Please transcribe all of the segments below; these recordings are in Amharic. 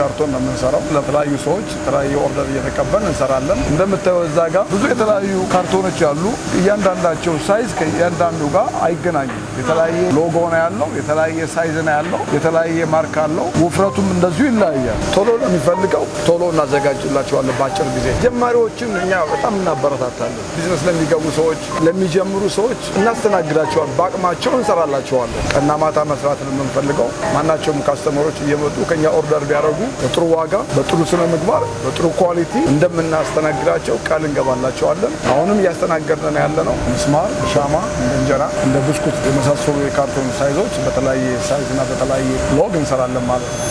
ካርቶን ነው የምንሰራው። ለተለያዩ ሰዎች የተለያዩ ኦርደር እየተቀበል እንሰራለን። እንደምታየው እዛ ጋር ብዙ የተለያዩ ካርቶኖች ያሉ እያንዳንዳቸው ሳይዝ ከእያንዳንዱ ጋር አይገናኙም። የተለያየ ሎጎ ነው ያለው፣ የተለያየ ሳይዝ ነው ያለው፣ የተለያየ ማርክ አለው። ውፍረቱም እንደዚሁ ይለያያል። ቶሎ የሚፈልገው ቶሎ እናዘጋጅላቸዋለን በአጭር ጊዜ። ጀማሪዎችን እኛ በጣም እናበረታታለን። ቢዝነስ ለሚገቡ ሰዎች፣ ለሚጀምሩ ሰዎች እናስተናግዳቸዋል። በአቅማቸው እንሰራላቸዋለን። ቀና ማታ መስራት ነው የምንፈልገው። ማናቸውም ካስተመሮች እየመጡ ከኛ ኦርደር ቢያደርጉ በጥሩ ዋጋ፣ በጥሩ ስነ ምግባር፣ በጥሩ ኳሊቲ እንደምናስተናግዳቸው ቃል እንገባላቸዋለን። አሁንም እያስተናገድን ያለ ነው። ምስማር፣ ሻማ፣ እንደ እንጀራ፣ እንደ ብስኩት የመሳሰሉ የካርቶን ሳይዞች በተለያየ ሳይዝ እና በተለያየ ሎግ እንሰራለን ማለት ነው።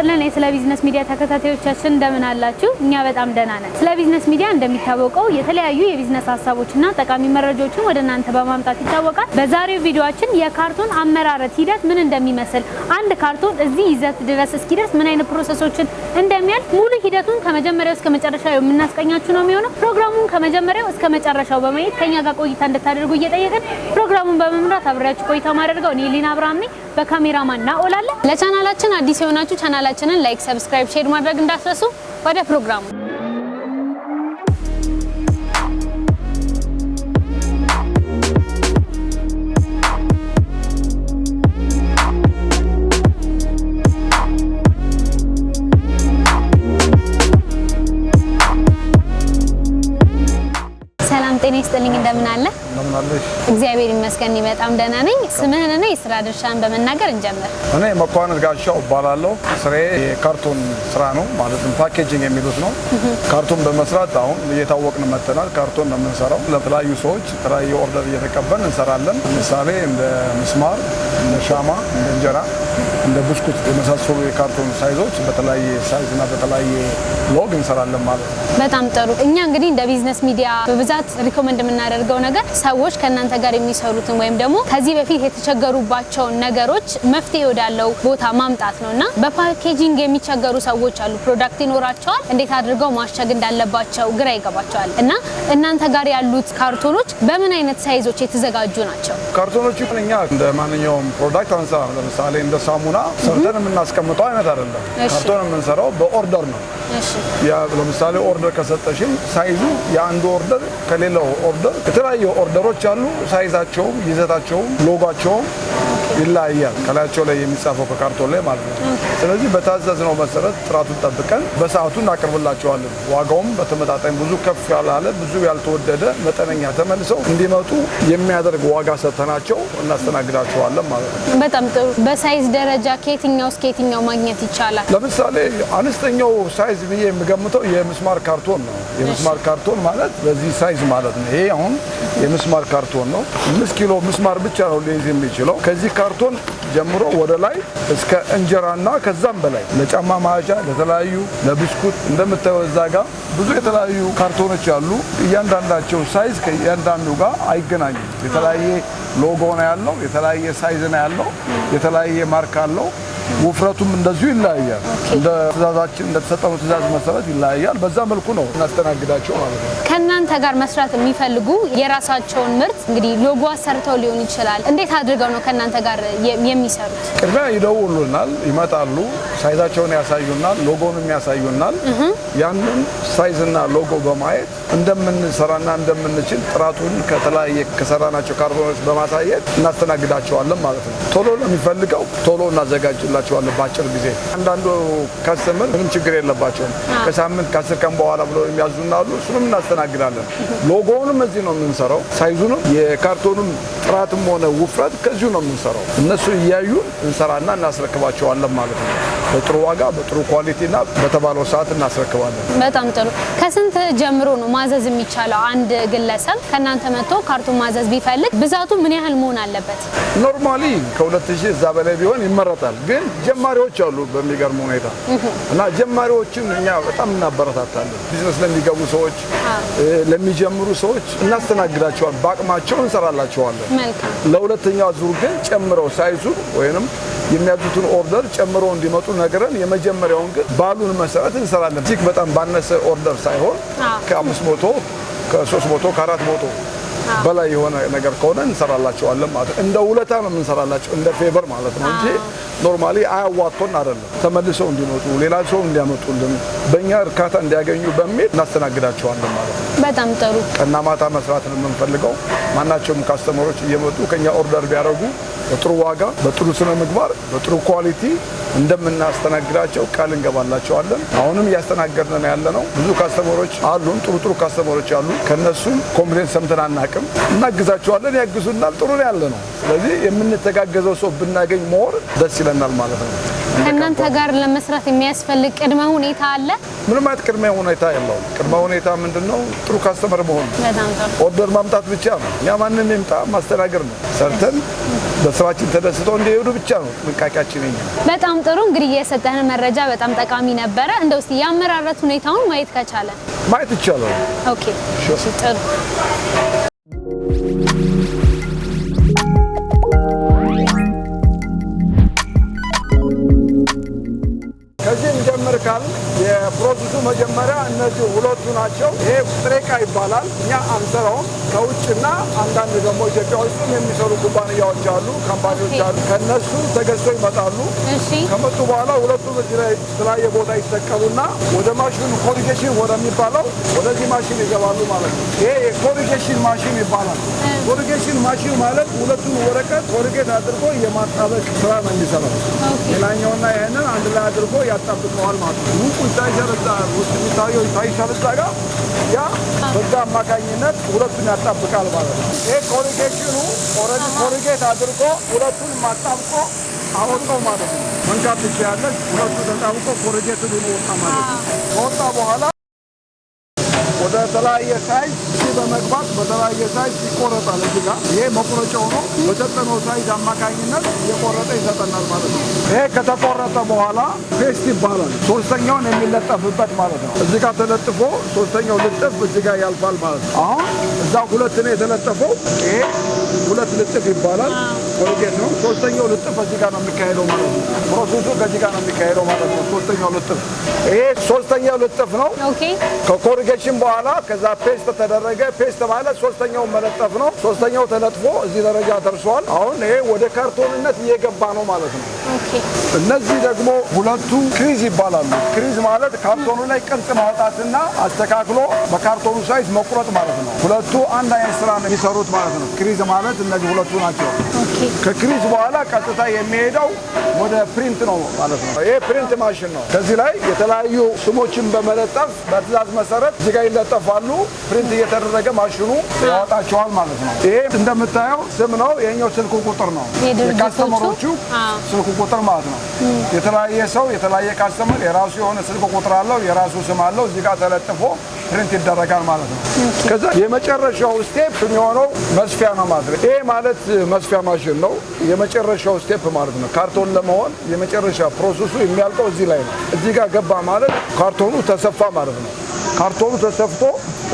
ይስጥልን የስለ ቢዝነስ ሚዲያ ተከታታዮቻችን እንደምን አላችሁ? እኛ በጣም ደህና ነን። ስለ ቢዝነስ ሚዲያ እንደሚታወቀው የተለያዩ የቢዝነስ ሀሳቦችና ጠቃሚ መረጃዎችን ወደ እናንተ በማምጣት ይታወቃል። በዛሬው ቪዲዮአችን የካርቶን አመራረት ሂደት ምን እንደሚመስል፣ አንድ ካርቶን እዚህ ይዘት ድረስ እስኪደርስ ምን አይነት ፕሮሰሶችን እንደሚያልፍ ሙሉ ሂደቱን ከመጀመሪያው እስከ መጨረሻው የምናስቀኛችሁ ነው የሚሆነው። ፕሮግራሙን ከመጀመሪያው እስከ መጨረሻው በማየት ከኛ ጋር ቆይታ እንድታደርጉ እየጠየቅን ፕሮግራሙን በመምራት አብሬያችሁ ቆይታ ማደርገው እኔ ሊና አብርሃም ነኝ። በካሜራማን ለቻናላችን አዲስ የሆናችሁ ቻናላ ቻናላችንን ላይክ፣ ሰብስክራይብ፣ ሼር ማድረግ እንዳትረሱ። ወደ ፕሮግራሙ ይስጥልኝ እንደምን አለ? እግዚአብሔር ይመስገን በጣም ደህና ነኝ። ስምህንና የስራ ድርሻን በመናገር እንጀምር። እኔ መኳንንት ጋሻው እባላለሁ። ስሬ የካርቶን ስራ ነው፣ ማለትም ፓኬጂንግ የሚሉት ነው። ካርቶን በመስራት አሁን እየታወቅን መጥተናል። ካርቱን ነው የምንሰራው። ለተለያዩ ሰዎች የተለያዩ ኦርደር እየተቀበል እንሰራለን። ለምሳሌ እንደ ምስማር፣ እንደ ሻማ፣ እንደ እንጀራ እንደ ብስኩት የመሳሰሉ የካርቶን ሳይዞች በተለያየ ሳይዝ እና በተለያየ ሎግ እንሰራለን ማለት ነው። በጣም ጥሩ። እኛ እንግዲህ እንደ ቢዝነስ ሚዲያ በብዛት ሪኮመንድ ሪኮመንድ የምናደርገው ነገር ሰዎች ከእናንተ ጋር የሚሰሩትን ወይም ደግሞ ከዚህ በፊት የተቸገሩባቸውን ነገሮች መፍትሄ ወዳለው ቦታ ማምጣት ነው እና በፓኬጂንግ የሚቸገሩ ሰዎች አሉ። ፕሮዳክት ይኖራቸዋል፣ እንዴት አድርገው ማሸግ እንዳለባቸው ግራ ይገባቸዋል። እና እናንተ ጋር ያሉት ካርቶኖች በምን አይነት ሳይዞች የተዘጋጁ ናቸው? ካርቶኖቹ እኛ እንደ ማንኛውም ፕሮዳክት አንሰራም። ለምሳሌ እንደ ሳሙና ሰርተን የምናስቀምጠው አይነት አይደለም። ካርቶን የምንሰራው በኦርደር ነው። ለምሳሌ ኦርደር ከሰጠሽም ሳይዙ የአንዱ ኦርደር ከሌላው ኦርደር የተለያዩ ኦርደሮች አሉ። ሳይዛቸውም፣ ይዘታቸውም፣ ሎጓቸውም ይለያያል፣ ከላያቸው ላይ የሚጻፈው ከካርቶን ላይ ማለት ነው። ስለዚህ በታዘዝነው መሰረት ጥራቱን ጠብቀን በሰዓቱ እናቀርብላቸዋለን። ዋጋውም በተመጣጣኝ ብዙ ከፍ ያላለ ብዙ ያልተወደደ መጠነኛ ተመልሰው እንዲመጡ የሚያደርግ ዋጋ ሰጥተናቸው እናስተናግዳቸዋለን ማለት ነው። በጣም ጥሩ። በሳይዝ ደረጃ ከየትኛው እስከ የትኛው ማግኘት ይቻላል? ለምሳሌ አነስተኛው ሳይዝ ብዬ የምገምተው የምስማር ካርቶን ነው። የምስማር ካርቶን ማለት በዚህ ሳይዝ ማለት ነው። ይሄ አሁን የምስማር ካርቶን ነው። አምስት ኪሎ ምስማር ብቻ ነው ሊይዝ የሚችለው ከዚህ ካርቶን ጀምሮ ወደ ላይ እስከ እንጀራና ከዛም በላይ ለጫማ ማጫ፣ ለተለያዩ ለብስኩት እንደምታየው እዛ ጋር ብዙ የተለያዩ ካርቶኖች አሉ እያንዳንዳቸው ሳይዝ ከእያንዳንዱ ጋር አይገናኙም። የተለያየ ሎጎ ነው ያለው፣ የተለያየ ሳይዝ ነው ያለው፣ የተለያየ ማርክ አለው። ውፍረቱም እንደዚሁ ይለያያል። እንደ ትእዛዛችን እንደተሰጠነው ትእዛዝ መሰረት ይለያያል። በዛ መልኩ ነው እናስተናግዳቸው ማለት ነው። ከእናንተ ጋር መስራት የሚፈልጉ የራሳቸውን ምርት እንግዲህ ሎጎ አሰርተው ሊሆን ይችላል። እንዴት አድርገው ነው ከእናንተ ጋር የሚሰሩት? ቅድሚያ ይደውሉናል፣ ይመጣሉ፣ ሳይዛቸውን ያሳዩናል፣ ሎጎንም ያሳዩናል። ያንን ሳይዝና ሎጎ በማየት እንደምንሰራና እንደምንችል ጥራቱን ከተለያየ ከሰራናቸው ካርቦኖች በማሳየት እናስተናግዳቸዋለን ማለት ነው። ቶሎ ለሚፈልገው ቶሎ እናዘጋጅላል እልክላቸዋለሁ በአጭር ጊዜ። አንዳንዱ ከስተመር ምንም ችግር የለባቸውም። ከሳምንት ከአስር ቀን በኋላ ብለው የሚያዙና አሉ። እሱንም እናስተናግዳለን። ሎጎውንም እዚህ ነው የምንሰራው። ሳይዙንም የካርቶኑም ጥራትም ሆነ ውፍረት ከዚሁ ነው የምንሰራው። እነሱ እያዩን እንሰራና እናስረክባቸዋለን ማለት ነው። በጥሩ ዋጋ በጥሩ ኳሊቲና በተባለው ሰዓት እናስረክባለን። በጣም ጥሩ። ከስንት ጀምሮ ነው ማዘዝ የሚቻለው? አንድ ግለሰብ ከእናንተ መጥቶ ካርቱን ማዘዝ ቢፈልግ ብዛቱ ምን ያህል መሆን አለበት? ኖርማሊ ከሁለት ሺህ እዛ በላይ ቢሆን ይመረጣል። ግን ጀማሪዎች አሉ በሚገርም ሁኔታ እና ጀማሪዎችን እኛ በጣም እናበረታታለን። ቢዝነስ ለሚገቡ ሰዎች፣ ለሚጀምሩ ሰዎች እናስተናግዳቸዋል። በአቅማቸው እንሰራላቸዋለን። ለሁለተኛ ዙር ግን ጨምረው ሳይዙ ወይንም የሚያዙትን ኦርደር ጨምሮ እንዲመጡ ነግረን የመጀመሪያውን ግን ባሉን መሰረት እንሰራለን። እጅግ በጣም ባነሰ ኦርደር ሳይሆን ከአምስት መቶ ከሶስት መቶ ከአራት መቶ በላይ የሆነ ነገር ከሆነ እንሰራላቸዋለን ማለት ነው። እንደ ውለታ ነው የምንሰራላቸው፣ እንደ ፌቨር ማለት ነው እንጂ ኖርማሊ አያዋቶን አይደለም። ተመልሰው እንዲመጡ ሌላ ሰው እንዲያመጡልን በእኛ እርካታ እንዲያገኙ በሚል እናስተናግዳቸዋለን ማለት ነው። በጣም ጥሩ እና ማታ መስራት ነው የምንፈልገው። ማናቸውም ካስተመሮች እየመጡ ከኛ ኦርደር ቢያደርጉ በጥሩ ዋጋ፣ በጥሩ ስነ ምግባር፣ በጥሩ ኳሊቲ እንደምናስተናግዳቸው ቃል እንገባላቸዋለን። አሁንም እያስተናገድን ነው ያለ ነው። ብዙ ካስተመሮች አሉን፣ ጥሩ ጥሩ ካስተመሮች አሉ። ከነሱም ኮምፕሌን ሰምተን አናቅም። እናግዛቸዋለን፣ ያግዙናል። ጥሩ ነው ያለ ነው። ስለዚህ የምንተጋገዘው ሰው ብናገኝ መሆን ደስ ይለናል ማለት ነው። ከእናንተ ጋር ለመስራት የሚያስፈልግ ቅድመ ሁኔታ አለ? ምንም አይነት ቅድመ ሁኔታ የለውም። ቅድመ ሁኔታ ምንድን ነው? ጥሩ ካስተመር መሆን፣ ኦርደር ማምጣት ብቻ ነው። እኛ ማንም ይምጣ ማስተናገር ነው። ሰርተን በስራችን ተደስተው እንዲሄዱ ብቻ ነው ጥንቃቄያችን። በጣም ጥሩ እንግዲህ የሰጠህን መረጃ በጣም ጠቃሚ ነበረ። እንደው እስቲ የአመራረት ሁኔታውን ማየት ከቻለ ማየት ይቻላል። ኦኬ ጥሩ ከዚህ እንጀምር ካልን የበፊቱ መጀመሪያ እነዚህ ሁለቱ ናቸው። ይሄ ጥሬ ዕቃ ይባላል። እኛ አንሰራውም። ከውጭና አንዳንድ ደግሞ ኢትዮጵያ ውስጥም የሚሰሩ ኩባንያዎች አሉ፣ ካምፓኒዎች አሉ። ከእነሱ ተገዝቶ ይመጣሉ። ከመጡ በኋላ ሁለቱ የተለያየ ቦታ ይሰቀሉና ወደ ማሽን ኮሪጌሽን ወደሚባለው ወደዚህ ማሽን ይገባሉ ማለት ነው። ይሄ የኮሪጌሽን ማሽን ይባላል። ኮሪጌሽን ማሽን ማለት ሁለቱን ወረቀት ኮሪጌት አድርጎ የማጣበቅ ስራ ነው የሚሰራው። ሌላኛውና ይህንን አንድ ላይ አድርጎ ያጣብቀዋል ማለት ነው። ውስጥ የሚታየው ይታይሻል እዛ ጋር ያ በዛ አማካኝነት ሁለቱን ያጣብቃል ማለት ነው። ይህ ኮሪጌሽኑ ኦልሬዲ ኮሪጌት አድርጎ ሁለቱን ማጣብቆ አወጣው ማለት ነው። መንካት ትችያለሽ። ሁለቱ ተጣብቆ ኮሪጌት ሆኖ ወጣ ማለት ነው። ከወጣ በኋላ በተለያየ ሳይዝ በመግባት በተለያየ ሳይዝ ይቆረጣል። እዚህ ጋር ይሄ መቁረጫ ሆኖ በሰጠነው ሳይዝ አማካኝነት እየቆረጠ ይሰጠናል ማለት ነው። ይሄ ከተቆረጠ በኋላ ፔስት ይባላል። ሶስተኛውን የሚለጠፍበት ማለት ነው። እዚህ ጋር ተለጥፎ ሶስተኛው ልጥፍ እዚህ ጋር ያልፋል ማለት ነው። አሁን እዛ ሁለት ነው የተለጠፈው። ይሄ ሁለት ልጥፍ ይባላል። ዶቄት ነው። ሶስተኛው ልጥፍ እዚህ ጋር ነው የሚካሄደው ማለት ነው። ፕሮሰሱ ከዚህ ጋር ነው የሚካሄደው ማለት ነው። ሶስተኛው ልጥፍ ይሄ ሶስተኛው ልጥፍ ነው። ከኮሪጌሽን በኋላ ከዛ ፔስት ተደረገ። ፔስት ማለት ሶስተኛው መለጠፍ ነው። ሶስተኛው ተለጥፎ እዚህ ደረጃ ደርሷል። አሁን ይሄ ወደ ካርቶንነት እየገባ ነው ማለት ነው። እነዚህ ደግሞ ሁለቱ ክሪዝ ይባላሉ። ክሪዝ ማለት ካርቶኑ ላይ ቅርጽ ማውጣትና አስተካክሎ በካርቶኑ ሳይዝ መቁረጥ ማለት ነው። ሁለቱ አንድ አይነት ስራ ነው የሚሰሩት ማለት ነው። ክሪዝ ማለት እነዚህ ሁለቱ ናቸው። ከክሪዝ በኋላ ቀጥታ የሚሄደው ወደ ፕሪንት ነው ማለት ነው። ይሄ ፕሪንት ማሽን ነው። ከዚህ ላይ የተለያዩ ስሞችን በመለጠፍ በትእዛዝ መሰረት እዚጋ ይለጠፋሉ። ፕሪንት እየተደረገ ማሽኑ ያወጣቸዋል ማለት ነው። ይሄ እንደምታየው ስም ነው። ይሄኛው ስልክ ቁጥር ነው፣ የካስተመሮቹ ስልክ ቁጥር ማለት ነው። የተለያየ ሰው የተለያየ ካስተመር የራሱ የሆነ ስልክ ቁጥር አለው፣ የራሱ ስም አለው። እዚጋ ተለጥፎ ፕሪንት ይደረጋል ማለት ነው። ከዛ የመጨረሻው ስቴፕ የሚሆነው መስፊያ ነው ማለት ነው። ይሄ ማለት መስፊያ ማሽን ነው የመጨረሻው ስቴፕ ማለት ነው። ካርቶን ለመሆን የመጨረሻ ፕሮሰሱ የሚያልቀው እዚህ ላይ ነው። እዚህ ጋር ገባ ማለት ካርቶኑ ተሰፋ ማለት ነው። ካርቶኑ ተሰፍቶ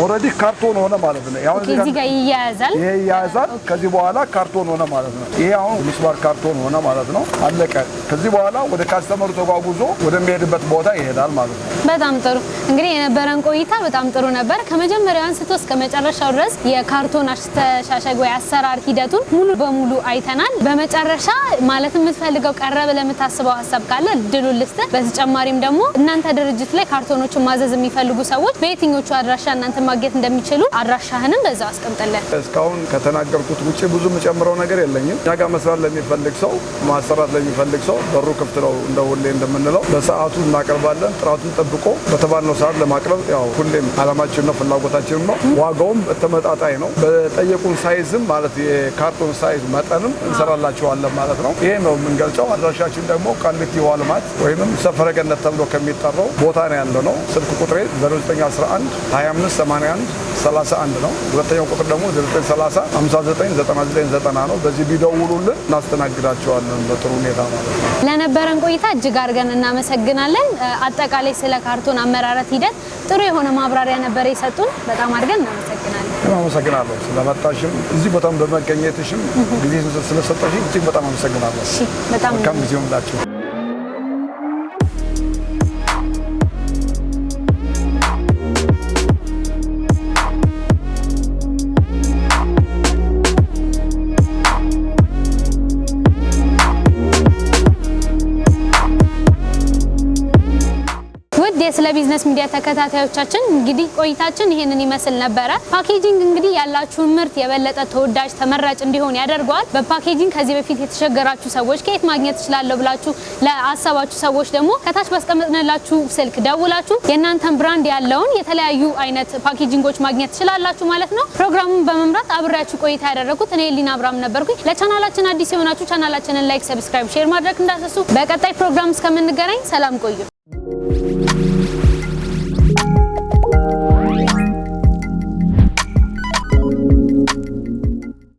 ኦልሬዲ ካርቶን ሆነ ማለት ነው። ያው እዚህ ጋር ይያያዛል፣ ይሄ ይያያዛል። ከዚህ በኋላ ካርቶን ሆነ ማለት ነው። ይሄ አሁን ምስማር ካርቶን ሆነ ማለት ነው። አለቀ። ከዚህ በኋላ ወደ ካስተመሩ ተጓጉዞ ወደሚሄድበት ቦታ ይሄዳል ማለት ነው። በጣም ጥሩ እንግዲህ የነበረን ቆይታ በጣም ጥሩ ነበር። ከመጀመሪያው አንስቶ እስከ መጨረሻው ድረስ የካርቶን አስተሻሸግ ወይ አሰራር ሂደቱን ሙሉ በሙሉ አይተናል። በመጨረሻ ማለት የምትፈልገው ቀረበ ለምታስበው ሀሳብ ካለ እድሉን ልስጥ። በተጨማሪም ደግሞ እናንተ ድርጅት ላይ ካርቶኖችን ማዘዝ የሚፈልጉ ሰዎች በየትኞቹ አድራሻ እናንተ ማግኘት እንደሚችሉ አድራሻህንም በዛ አስቀምጠለን። እስካሁን ከተናገርኩት ውጭ ብዙ የምጨምረው ነገር የለኝም። እኛ ጋር መስራት ለሚፈልግ ሰው፣ ማሰራት ለሚፈልግ ሰው በሩ ክፍት ነው። እንደ ሁሌ እንደምንለው በሰዓቱ እናቀርባለን። ጥራቱን ጠብቆ በተባልነው ሰዓት ለማቅረብ ያው ሁሌም አላማችን ነው ፍላጎታችን ነው። ዋጋውም ተመጣጣኝ ነው። በጠየቁን ሳይዝም ማለት የካርቶን ሳይዝ መጠንም እንሰራላቸዋለን ማለት ነው። ይሄ ነው የምንገልጸው። አድራሻችን ደግሞ ቃሊቲ ውሃ ልማት ወይም ሰፈረገነት ተብሎ ከሚጠራው ቦታ ነው ያለ ነው። ስልክ ቁጥሬ 0911 25 81 31 ነው። ሁለተኛው ቁጥር ደግሞ 930 59 99 90 ነው። በዚህ ቢደውሉልን እናስተናግዳቸዋለን በጥሩ ሁኔታ ማለት ነው። ለነበረን ቆይታ እጅግ አድርገን እናመሰግናለን። አጠቃላይ ስለ ካርቶን አመራረት ሂደት ጥሩ የሆነ ማብራሪያ ነበር የሰጡን። በጣም አድርገን እናመሰግናለን። አመሰግናለሁ ስለመጣሽም እዚህ ቦታም በመገኘትሽም ጊዜ ስለሰጠሽ እጅግ በጣም አመሰግናለሁ። በጣም ጊዜ ሆንላችሁ። ውድ የስለ ቢዝነስ ሚዲያ ተከታታዮቻችን እንግዲህ ቆይታችን ይሄንን ይመስል ነበረ። ፓኬጂንግ እንግዲህ ያላችሁን ምርት የበለጠ ተወዳጅ ተመራጭ እንዲሆን ያደርገዋል። በፓኬጂንግ ከዚህ በፊት የተቸገራችሁ ሰዎች ከየት ማግኘት እችላለሁ ብላችሁ ለአሰባችሁ ሰዎች ደግሞ ከታች ባስቀመጥንላችሁ ስልክ ደውላችሁ የእናንተን ብራንድ ያለውን የተለያዩ አይነት ፓኬጂንጎች ማግኘት ትችላላችሁ ማለት ነው። ፕሮግራሙን በመምራት አብሬያችሁ ቆይታ ያደረጉት እኔ ሊና አብራም ነበርኩኝ። ለቻናላችን አዲስ የሆናችሁ ቻናላችንን ላይክ፣ ሰብስክራይብ፣ ሼር ማድረግ እንዳትረሱ። በቀጣይ ፕሮግራም እስከምንገናኝ ሰላም ቆዩ።